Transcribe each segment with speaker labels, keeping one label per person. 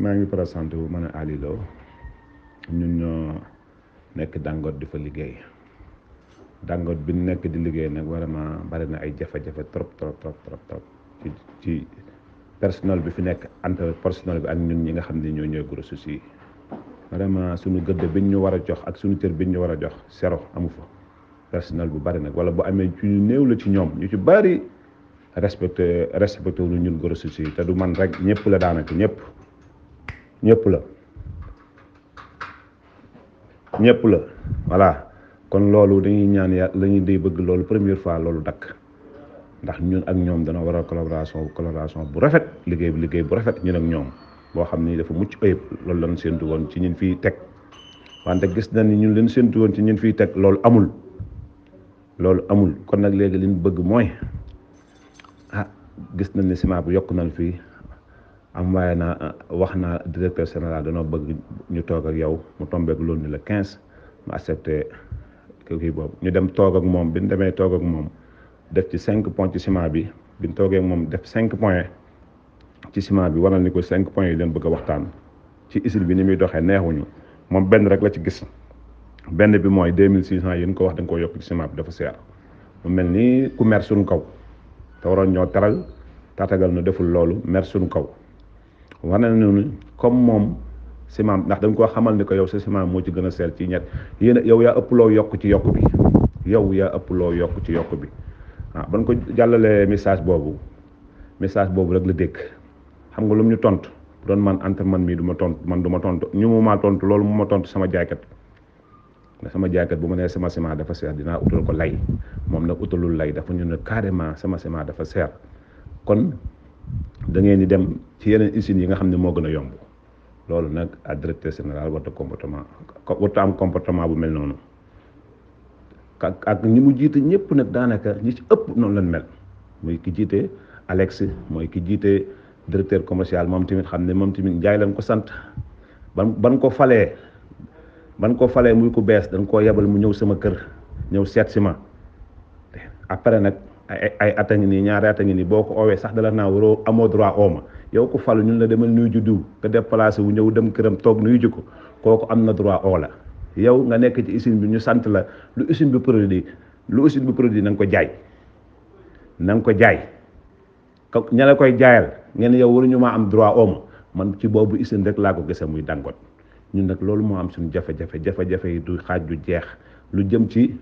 Speaker 1: maa ngi présenté wu ma ne Aly ñun ñoo nekk Dangote di fa liggéey Dangote bi nekk di liggéey nag vraiment bari na ay jafe-jafe trop trop trop trop trop ci ci personnel bi fi nekk entre personnel bi ak ñun ñi nga xam ne ñoo ñooy grossistes yi vraiment suñu gëdd biñ ñu war a jox ak suñu cër biñ ñu war a jox zéro amu fa personnel bu bari nag wala bu amee ci néew la ci ñoom ñu ci bari respecte respecté wu ñun grossistes yi te du man rek ñëpp la daanaka ñëpp. ñëpp la ñëpp la voilà kon loolu dañuy ñaan ya la ñuy day bëgg loolu première fois loolu dakk ndax ñun ak ñoom dana war a collaboration collaboration bu rafet liggéey bu liggéey bu rafet ñun ak ñoom boo xam ni dafa mucc ayib loolu lañ séntu woon ci ñun fii teg wante gis nañ ni ñun leen séntu woon ci ñun fii teg loolu amul loolu amul kon nag léegi liñ bëgg mooy ah gis nañ ni ciment bu yokk nañ fii am envoyé naa ah, wax na directeur général danoo bëgg ñu toog ak yow mu tombeek loolu ni la quinze mu accepté kii boobu ñu dem toog ak moom bi ñu demee toog ak moom def ci cinq points ci ciment bi bi ñu toogee moom def cinq points ci ciment bi waral ni ko cinq points yi leen bëgg a waxtaan ci usine bi ni muy doxee neexuñu moom benn rek la ci gis benn bi mooy deux mille six cent yi ñu ko wax dañ ko yokk ci ciment bi dafa seer mu mel ni ku mer suñu kaw te waroon ñoo taral tatagal na deful loolu mer suñu kaw war na ne comme moom ciment ndax dañ koo xamal ni ko yow sa ciment moo ci gën a seer ci ñett yéen yow yaa ëpp loo ci yokk bi yow yaa ëpp loo yokk ci yokk bi waaw ban ko jàllalee message boobu message boobu rek la dégg xam nga lu ñu tontu bu doon man entre man mii duma ma tontu man du ma tontu ñu mu ma tontu loolu mu ma tontu sama jaaykat ndax sama jaaykat bu ma nee sama ciment dafa seer dinaa utal ko lay moom nag utalul lay dafa ñu ne carrément sama ciment dafa seer kon da di dem. ci yeneen usines yi nga xam ne moo gën a yomb loolu nag à directeur général warta comportement warta am comportement bu mel noonu ak ak ñi mu jiite ñëpp nag daanaka ñi ci ëpp noonu lañ mel muy ki jiite Alex mooy ki jiite directeur commercial moom tamit xam ne moom tamit njaay lañ ko sant ban ban ko falee ban ko falee muy ku bees dañ koo yebal mu ñëw sama kër ñëw seet si ma après nag ay ay at a ngi nii ñaari at a ngi nii boo ko oowee sax dala naa waroo amoo yow ko falu ñun la demal nuyu ju diw nga déplacé wu ñëw dem këram toog nuyu ji ko kooku am na droit oo la yow nga nekk ci usine bi ñu sant la lu usine bu produit lu usine bi produit na nga ko jaay na ko jaay ña la koy jaayal ngeen yow waruñu maa am droit oo ma man ci boobu usine rek laa ko gisee muy dangot ñun nag loolu moo am suñu jafe-jafe jafe-jafe yi du xaaj du jeex lu jëm ci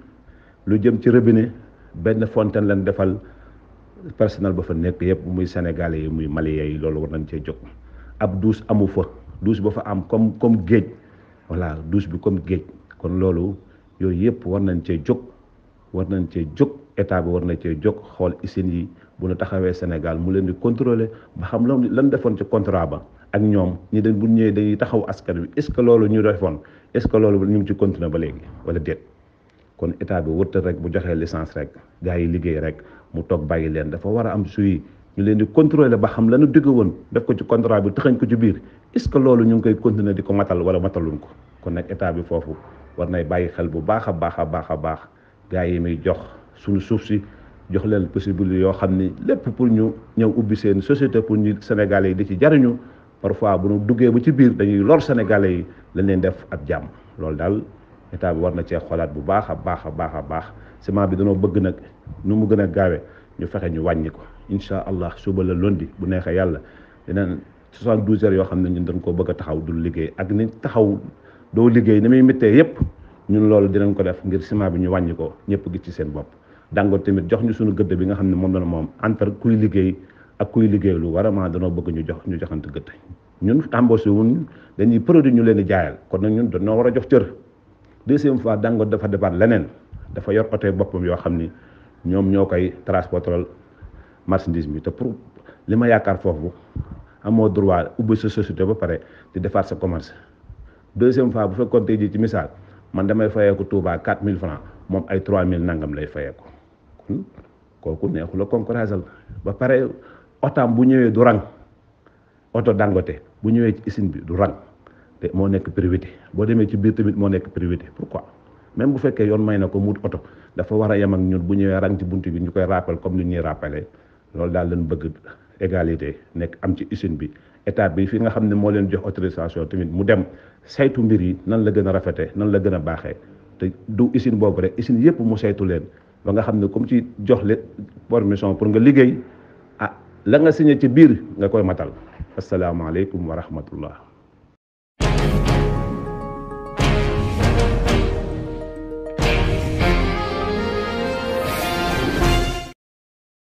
Speaker 1: lu jëm ci robinet benn fontaine lañ defal personnel ba fa nekk yëpp muy sénégalais yi muy malien yi loolu war nañ cee jóg ab douche amu fa douche ba fa am comme comme géej voilà douche bi comme géej kon loolu yooyu yëpp war nañ cee jóg war nañ cee jóg état bi war nañ cee jóg xool usines yi bu ñu taxawee Sénégal mu leen di contrôler ba xam lan lan defoon ci contrat ba ak ñoom ñi dañ bu ñëwee dañuy taxaw askan bi est-ce que loolu ñu defoon est-ce que loolu ñu ngi ci continuer ba léegi wala déet kon état bi wërta rek bu joxee licence rek gars yi liggéey rek mu toog bàyyi leen dafa war a am suy ñu leen di contrôler ba xam lanu digg woon def ko ci contrat bi tëxañ ko ci biir est-ce que loolu ñu ngi koy continuer di ko matal wala mataluñ ko kon nag état bi foofu war nay bàyyi xel bu baax a baax a baax a baax gars yi muy jox suñu suuf si jox leen possibilité yoo xam ni lépp pour ñu ñëw ubbi seen société pour ñu Sénégalais yi di ci jariñu parfois bu nu duggee ba ci biir dañuy lool Sénégalais yi lañ leen def ab jàmm loolu daal état bi war na cee xoolaat bu baax a baax a baax a baax ciment bi danoo bëgg nag nu mu gën a gaawee ñu fexe ñu wàññi ko incha allah suba la lundi bu neexee yàlla dinañ 72 heures yoo xam ne ñun dañ koo bëgg a taxaw dul liggéey ak ni taxaw doo liggéey ni muy méttee yépp ñun loolu dinañ ko def ngir ciment bi ñu wàññi ko ñëpp gis ci seen bopp. Dangote tamit jox ñu suñu gëdd bi nga xam ne moom la moom entre kuy liggéey ak kuy liggéey lu vraiment danoo bëgg ñu jox ñu joxante gëdd ñun embauché wuñ dañuy produit ñu leen di jaayal kon nag ñun dañoo war a jox cër. deuxième fois Dangote dafa defaat leneen dafa yor oto boppam yoo xam ni ñoom ñoo koy transporteral marchandise bi te pour li ma yaakaar foofu amoo droit ubbi sa société ba pare di defaat sa commence deuxième fois bu fekkoon tey jii ci misaal man damay fayeeku Touba mille francs moom ay mille nangam lay fayeeku kon kooku neexu la concurrence ba pare otaam bu ñëwee du rang oto Dangote bu ñëwee ci usine bi du rang te moo nekk priorité boo demee ci biir tamit moo nekk priorité pourquoi même bu fekkee yoon may na ko muut oto dafa war a yem ak ñun bu ñëwee rang ci bunt bi ñu koy rappel comme ni ñuy rappelé loolu daal lañ bëgg égalité nekk am ci usine bi état bi fi nga xam ne moo leen jox autorisation tamit mu dem saytu mbir yi nan la gën a rafetee nan la gën a baaxee te du usine boobu rek usine yëpp mu saytu leen ba nga xam ne comme ci jox le permission pour nga liggéey ah la nga signé ci biir nga koy matal asalaamaaleykum wa rahmatullah